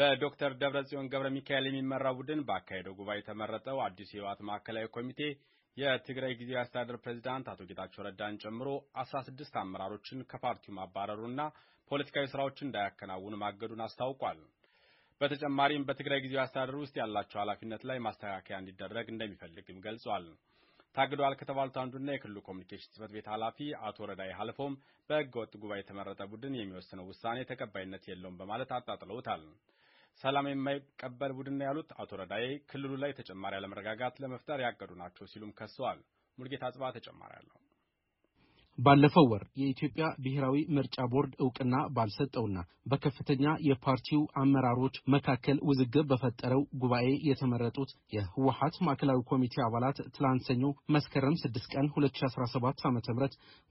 በዶክተር ደብረጽዮን ገብረ ሚካኤል የሚመራው ቡድን በአካሄደው ጉባኤ የተመረጠው አዲሱ የህወሓት ማዕከላዊ ኮሚቴ የትግራይ ጊዜያዊ አስተዳደር ፕሬዚዳንት አቶ ጌታቸው ረዳን ጨምሮ አስራ ስድስት አመራሮችን ከፓርቲው ማባረሩና ፖለቲካዊ ስራዎችን እንዳያከናውኑ ማገዱን አስታውቋል። በተጨማሪም በትግራይ ጊዜያዊ አስተዳደር ውስጥ ያላቸው ኃላፊነት ላይ ማስተካከያ እንዲደረግ እንደሚፈልግም ገልጿል። ታግደዋል ከተባሉት አንዱና የክልሉ ኮሚኒኬሽን ጽህፈት ቤት ኃላፊ አቶ ረዳይ ሀልፎም በህገ ወጥ ጉባኤ የተመረጠ ቡድን የሚወስነው ውሳኔ ተቀባይነት የለውም በማለት አጣጥለውታል። ሰላም የማይቀበል ቡድን ነው ያሉት አቶ ረዳዬ ክልሉ ላይ ተጨማሪ አለመረጋጋት ለመፍጠር ያቀዱ ናቸው ሲሉም ከሰዋል። ሙልጌታ ጽባ ተጨማሪ አለው። ባለፈው ወር የኢትዮጵያ ብሔራዊ ምርጫ ቦርድ እውቅና ባልሰጠውና በከፍተኛ የፓርቲው አመራሮች መካከል ውዝግብ በፈጠረው ጉባኤ የተመረጡት የህወሀት ማዕከላዊ ኮሚቴ አባላት ትላንት ሰኞ መስከረም 6 ቀን 2017 ዓ ም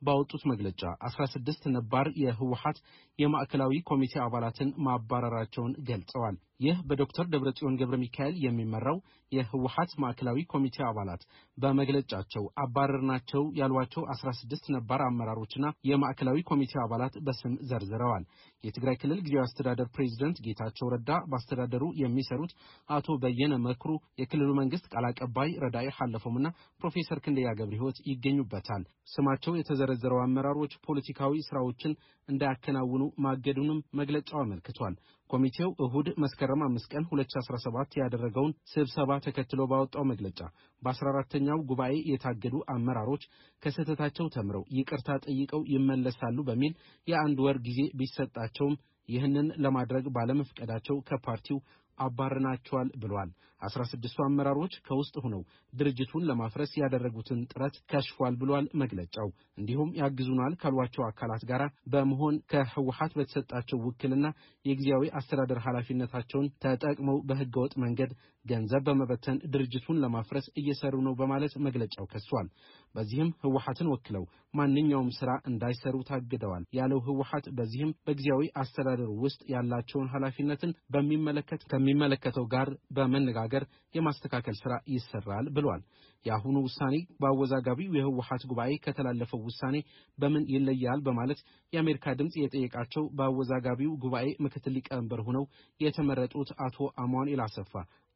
ባወጡት መግለጫ 16 ነባር የህወሀት የማዕከላዊ ኮሚቴ አባላትን ማባረራቸውን ገልጸዋል። ይህ በዶክተር ደብረጽዮን ገብረ ሚካኤል የሚመራው የህወሀት ማዕከላዊ ኮሚቴ አባላት በመግለጫቸው አባረርናቸው ያሏቸው 16 ነባር አመራሮችና የማዕከላዊ ኮሚቴ አባላት በስም ዘርዝረዋል። የትግራይ ክልል ጊዜያዊ አስተዳደር ፕሬዚደንት ጌታቸው ረዳ፣ በአስተዳደሩ የሚሰሩት አቶ በየነ መክሩ፣ የክልሉ መንግስት ቃል አቀባይ ረዳኢ ሐለፎምና ፕሮፌሰር ክንደያ ገብረ ህይወት ይገኙበታል። ስማቸው የተዘረዘረው አመራሮች ፖለቲካዊ ስራዎችን እንዳያከናውኑ ማገዱንም መግለጫው አመልክቷል። ኮሚቴው እሁድ መስከረም አምስት ቀን 2017 ያደረገውን ስብሰባ ተከትሎ ባወጣው መግለጫ በ14ተኛው ጉባኤ የታገዱ አመራሮች ከስህተታቸው ተምረው ይቅርታ ጠይቀው ይመለሳሉ በሚል የአንድ ወር ጊዜ ቢሰጣቸውም ይህንን ለማድረግ ባለመፍቀዳቸው ከፓርቲው አባርናቸዋል ብሏል። አስራ ስድስቱ አመራሮች ከውስጥ ሆነው ድርጅቱን ለማፍረስ ያደረጉትን ጥረት ከሽፏል ብሏል መግለጫው። እንዲሁም ያግዙናል ካሏቸው አካላት ጋር በመሆን ከህወሀት በተሰጣቸው ውክልና የጊዜያዊ አስተዳደር ኃላፊነታቸውን ተጠቅመው በህገወጥ መንገድ ገንዘብ በመበተን ድርጅቱን ለማፍረስ እየሰሩ ነው በማለት መግለጫው ከሷል። በዚህም ህወሀትን ወክለው ማንኛውም ስራ እንዳይሰሩ ታግደዋል ያለው ህወሀት በዚህም በጊዜያዊ አስተዳደር ውስጥ ያላቸውን ኃላፊነትን በሚመለከት ከሚመለከተው ጋር በመነጋገር ነገር የማስተካከል ስራ ይሰራል ብሏል። የአሁኑ ውሳኔ በአወዛጋቢው የህወሀት ጉባኤ ከተላለፈው ውሳኔ በምን ይለያል በማለት የአሜሪካ ድምፅ የጠየቃቸው በአወዛጋቢው ጉባኤ ምክትል ሊቀመንበር ሆነው የተመረጡት አቶ አማኑኤል አሰፋ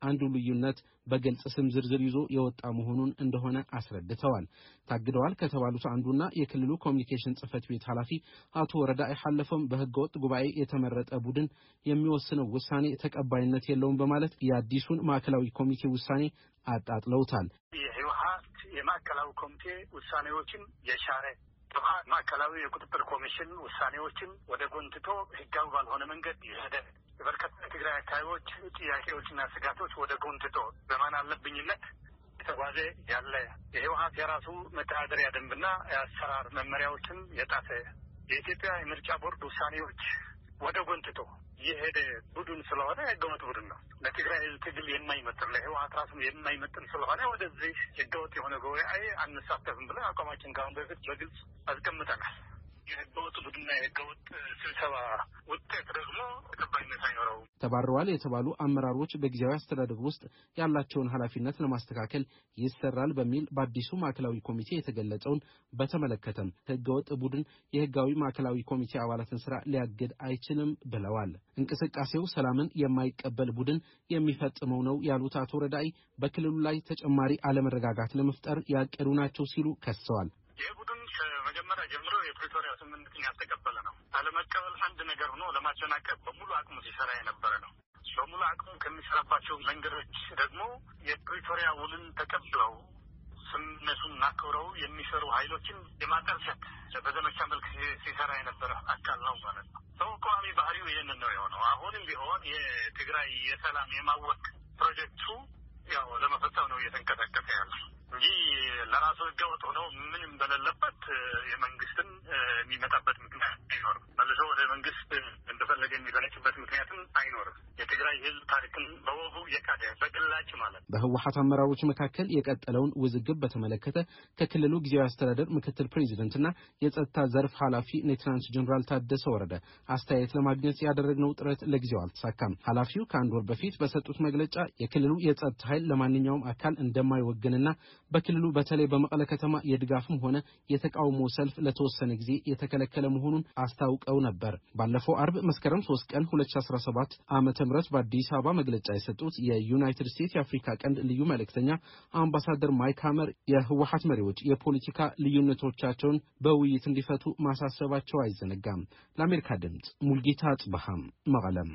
አንዱ ልዩነት በግልጽ ስም ዝርዝር ይዞ የወጣ መሆኑን እንደሆነ አስረድተዋል። ታግደዋል ከተባሉት አንዱና የክልሉ ኮሚኒኬሽን ጽህፈት ቤት ኃላፊ አቶ ወረዳ በህገ በህገወጥ ጉባኤ የተመረጠ ቡድን የሚወስነው ውሳኔ ተቀባይነት የለውም በማለት የአዲሱን ማዕከላዊ ኮሚቴ ውሳኔ አጣጥለውታል። የህወሀት የማዕከላዊ ኮሚቴ ውሳኔዎችን የሻረ ህወሓት ማዕከላዊ የቁጥጥር ኮሚሽን ውሳኔዎችን ወደ ጎን ትቶ ህጋዊ ባልሆነ መንገድ የሄደ የበርካታ የትግራይ አካባቢዎች ጥያቄዎችና ስጋቶች ወደ ጎን ትቶ በማን አለብኝነት የተጓዘ ያለ የህወሀት የራሱ መተዳደሪያ ደንብና የአሰራር መመሪያዎችን የጣፈ የኢትዮጵያ የምርጫ ቦርድ ውሳኔዎች ወደ ጎን ትቶ የሄደ ቡድን ስለሆነ ህገወጥ ቡድን ነው። ትግል የማይመጥን ለህወሀት ራሱ የማይመጥን ስለሆነ ወደዚህ ህገወጥ የሆነ ጉባኤ አንሳተፍም ብለን አቋማችን ከአሁን በፊት በግልጽ አስቀምጠናል። የህገወጥ ቡድንና የህገወጥ ስብሰባ ውጤት ደግሞ ግልጽነት አይኖረውም። ተባረዋል የተባሉ አመራሮች በጊዜያዊ አስተዳደር ውስጥ ያላቸውን ኃላፊነት ለማስተካከል ይሰራል በሚል በአዲሱ ማዕከላዊ ኮሚቴ የተገለጸውን በተመለከተም ህገወጥ ቡድን የህጋዊ ማዕከላዊ ኮሚቴ አባላትን ስራ ሊያግድ አይችልም ብለዋል። እንቅስቃሴው ሰላምን የማይቀበል ቡድን የሚፈጽመው ነው ያሉት አቶ ረዳይ በክልሉ ላይ ተጨማሪ አለመረጋጋት ለመፍጠር ያቀዱ ናቸው ሲሉ ከሰዋል። ለመቀበል አንድ ነገር ሆኖ ለማጨናቀቅ በሙሉ አቅሙ ሲሰራ የነበረ ነው። በሙሉ አቅሙ ከሚሰራባቸው መንገዶች ደግሞ የፕሪቶሪያ ውልን ተቀብለው ስምነቱን አክብረው የሚሰሩ ኃይሎችን የማጠርሰት በዘመቻ መልክ ሲሰራ የነበረ አካል ነው ማለት ነው። ተቃዋሚ ባህሪው ይህንን ነው የሆነው። አሁንም ቢሆን የትግራይ የሰላም የማወቅ ፕሮጀክቱ ያው ለመፈጸም ነው እየተንቀሳቀሰ ያለ እንጂ ለራሱ ህገወጥ ሆነው ምንም በሌለበት የመንግስትን የሚመጣበት የህዝብ ታሪክን በወጉ የካደ በግል በታች ማለት ነው። በህወሀት አመራሮች መካከል የቀጠለውን ውዝግብ በተመለከተ ከክልሉ ጊዜያዊ አስተዳደር ምክትል ፕሬዚደንትና የጸጥታ ዘርፍ ኃላፊ ሌትናንት ጀኔራል ታደሰ ወረደ አስተያየት ለማግኘት ያደረግነው ጥረት ለጊዜው አልተሳካም። ኃላፊው ከአንድ ወር በፊት በሰጡት መግለጫ የክልሉ የጸጥታ ኃይል ለማንኛውም አካል እንደማይወግንና በክልሉ በተለይ በመቀለ ከተማ የድጋፍም ሆነ የተቃውሞ ሰልፍ ለተወሰነ ጊዜ የተከለከለ መሆኑን አስታውቀው ነበር። ባለፈው አርብ መስከረም 3 ቀን 2017 ዓ ም በአዲስ አበባ መግለጫ የሰጡት የዩናይትድ ስቴትስ የአዲስ የአፍሪካ ቀንድ ልዩ መልእክተኛ አምባሳደር ማይክ ሀመር የህወሀት መሪዎች የፖለቲካ ልዩነቶቻቸውን በውይይት እንዲፈቱ ማሳሰባቸው አይዘነጋም። ለአሜሪካ ድምፅ ሙልጌታ አጽበሃም መቀለም